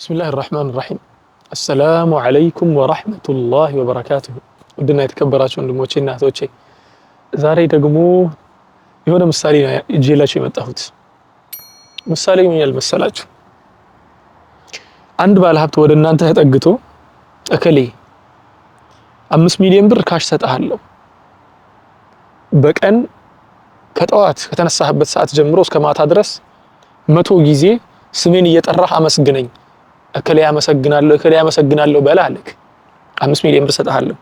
ብስሚላህ ራህማን ራሒም አሰላሙ ዓለይኩም ወራህመቱላህ ወበረካቱሁ። ውድና የተከበራችሁ ወንድሞቼ እና እህቶቼ ዛሬ ደግሞ የሆነ ምሳሌ ይዤላችሁ የመጣሁት ምሳሌ ምን ያህል መሰላችሁ? አንድ ባለሀብት ወደ እናንተ ተጠግቶ እከሌ አምስት ሚሊዮን ብር ካሽ ሰጥሃለሁ በቀን ከጠዋት ከተነሳህበት ሰዓት ጀምሮ እስከ ማታ ድረስ መቶ ጊዜ ስሜን እየጠራህ አመስግነኝ እከሌ ያመሰግናለሁ እከሌ ያመሰግናለሁ በላ አለክ። አምስት ሚሊዮን ብር ሰጥሃለሁ።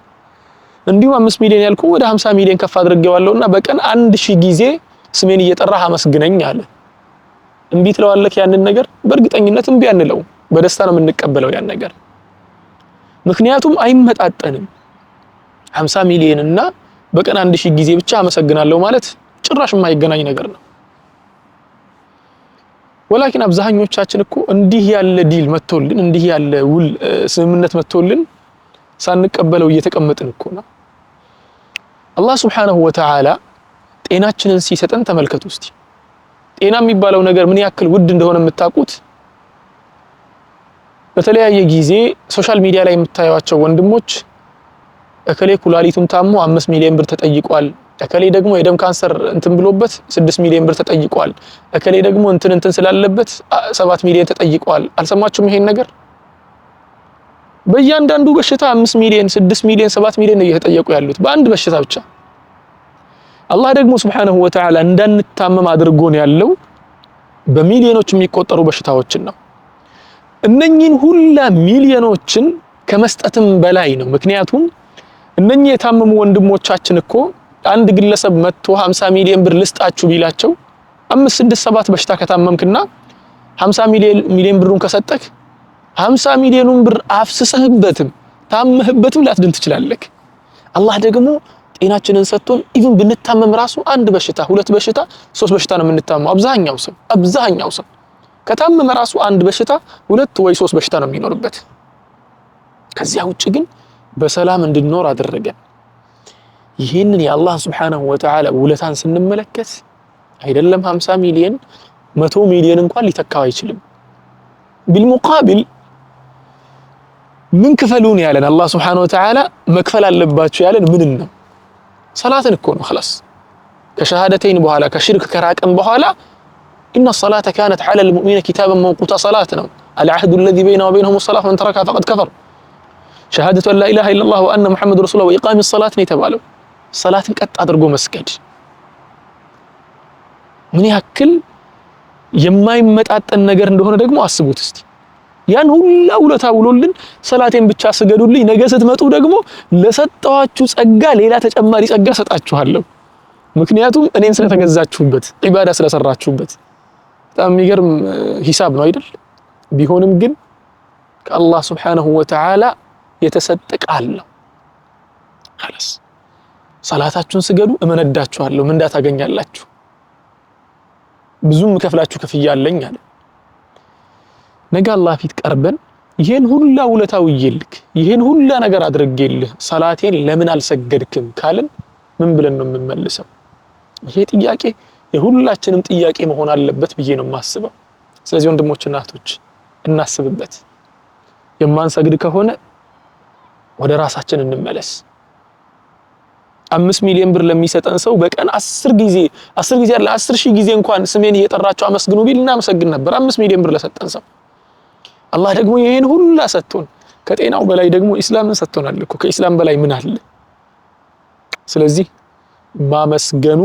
እንዲሁም አምስት ሚሊዮን ያልኩ ወደ ሀምሳ ሚሊዮን ከፍ አድርጌዋለሁና በቀን አንድ ሺህ ጊዜ ስሜን እየጠራህ አመስግነኝ አለ። እምቢ ትለዋለክ ያንን ነገር? በእርግጠኝነት እምቢ አንለው፣ በደስታ ነው የምንቀበለው ያን ነገር። ምክንያቱም አይመጣጠንም። ሀምሳ ሚሊዮን እና በቀን አንድ ሺህ ጊዜ ብቻ አመሰግናለሁ ማለት ጭራሽ የማይገናኝ ነገር ነው። ወላኪን አብዛኞቻችን እኮ እንዲህ ያለ ዲል መጥቶልን እንዲህ ያለ ውል ስምምነት መጥቶልን ሳንቀበለው እየተቀመጥን እኮ ነው። አላህ ሱብሓነሁ ወተዓላ ጤናችንን ሲሰጠን ተመልከቱ እስቲ። ጤና የሚባለው ነገር ምን ያክል ውድ እንደሆነ የምታውቁት በተለያየ ጊዜ ሶሻል ሚዲያ ላይ የምታዩቸው ወንድሞች እከሌ ኩላሊቱን ታሞ አምስት ሚሊዮን ብር ተጠይቋል እከሌ ደግሞ የደም ካንሰር እንትን ብሎበት ስድስት ሚሊዮን ብር ተጠይቋል። እከሌ ደግሞ እንትን እንትን ስላለበት ሰባት ሚሊዮን ተጠይቋል። አልሰማችሁም ይሄን ነገር? በእያንዳንዱ በሽታ አምስት ሚሊዮን፣ ስድስት ሚሊዮን፣ ሰባት ሚሊዮን ነው እየተጠየቁ ያሉት በአንድ በሽታ ብቻ። አላህ ደግሞ ስብሓነሁ ወተዓላ እንዳንታመም አድርጎን ያለው በሚሊዮኖች የሚቆጠሩ በሽታዎችን ነው። እነኚህን ሁላ ሚሊዮኖችን ከመስጠትም በላይ ነው። ምክንያቱም እነኚህ የታመሙ ወንድሞቻችን እኮ አንድ ግለሰብ መጥቶ 50 ሚሊዮን ብር ልስጣችሁ ቢላቸው አምስት ስድስት ሰባት በሽታ ከታመምክና 50 ሚሊዮን ሚሊዮን ብሩን ከሰጠክ 50 ሚሊዮኑን ብር አፍስሰህበትም ታመህበትም ላትድን ትችላለህ። አላህ ደግሞ ጤናችንን ሰጥቶን ኢቭን ብንታመም ራሱ አንድ በሽታ ሁለት በሽታ ሶስት በሽታ ነው የምንታመው። አብዛኛው ሰው አብዛኛው ሰው ከታመመ ራሱ አንድ በሽታ ሁለት ወይ ሶስት በሽታ ነው የሚኖርበት። ከዚያ ውጭ ግን በሰላም እንድንኖር አደረገን። ይህንን የአላህ ስብሓናሁ ወተዓላ ውለታን ስንመለከት አይደለም 50 ሚሊዮን መቶ ሚሊዮን እንኳን ሊተካው አይችልም። ቢልሙቃቢል ምን ክፈሉን ያለን አላህ ስብሓነሁ ወተዓላ መክፈል አለባቸው ያለን ምንን ነው? ሰላትን እኮ ነው። ኸላስ ከሸሃደተይን በኋላ ከሽርክ ከራቀን በኋላ ኢነ ሰላተ ካነት ዐለል ሙእሚኒነ ኪታበን መውቁታ ሰላት ነው። አልዓህዱ ለዚ በይና ወበይነሁሙ ሰላት መን ተረከሃ ፈቀድ ከፈር። ሸሃደቱ አን ላኢላሃ ኢለላህ ወአነ ሙሐመድ ረሱሉላህ ወኢቃሚ ሰላት ነው የተባለው ሰላትን ቀጥ አድርጎ መስገድ ምን ያክል የማይመጣጠን ነገር እንደሆነ ደግሞ አስቡት እስቲ። ያን ሁላ ውለታ ውሎልን ሰላቴን ብቻ ስገዱልኝ፣ ነገ ስትመጡ ደግሞ ለሰጠኋችሁ ጸጋ ሌላ ተጨማሪ ጸጋ ሰጣችኋለሁ። ምክንያቱም እኔን ስለተገዛችሁበት፣ ዒባዳ ስለሰራችሁበት። በጣም የሚገርም ሂሳብ ነው አይደል? ቢሆንም ግን ከአላህ ስብሓነሁ ወተዓላ የተሰጠ ቃል ነው። ሰላታችሁን ስገዱ እመነዳችኋለሁ፣ ምንዳ ታገኛላችሁ፣ ብዙም ከፍላችሁ ክፍያ አለኝ አለ። ነገ አላህ ፊት ቀርበን ይሄን ሁላ ውለታ ውዬልክ ይሄን ሁላ ነገር አድርጌልህ ሰላቴን ለምን አልሰገድክም ካልን ምን ብለን ነው የምንመልሰው? ይሄ ጥያቄ የሁላችንም ጥያቄ መሆን አለበት ብዬ ነው የማስበው። ስለዚህ ወንድሞችና እህቶች እናስብበት። የማንሰግድ ከሆነ ወደ ራሳችን እንመለስ። አምስት ሚሊዮን ብር ለሚሰጠን ሰው በቀን አስር ጊዜ አስር ጊዜ አለ አስር ሺህ ጊዜ እንኳን ስሜን እየጠራቸው አመስግኑ ቢል እናመሰግን ነበር። አምስት ሚሊዮን ብር ለሰጠን ሰው አላህ ደግሞ ይሄን ሁላ ሰጥቶን ከጤናው በላይ ደግሞ ኢስላምን ሰጥቶናል እኮ። ከኢስላም በላይ ምን አለ? ስለዚህ ማመስገኑ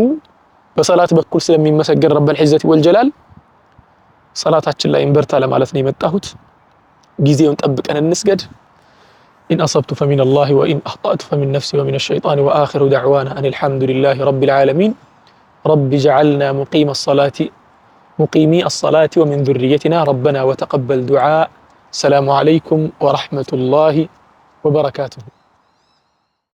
በሰላት በኩል ስለሚመሰገን ረበል ዒዘቲ ወልጀላል ሰላታችን ላይ እንበርታ ለማለት ነው የመጣሁት። ጊዜውን ጠብቀን እንስገድ። إن أصبت فمن الله وإن أخطأت فمن نفسي ومن الشيطان وآخر دعوانا أن الحمد لله رب العالمين رب جعلنا مقيم الصلاة مقيمي الصلاة ومن ذريتنا ربنا وتقبل دعاء السلام عليكم ورحمة الله وبركاته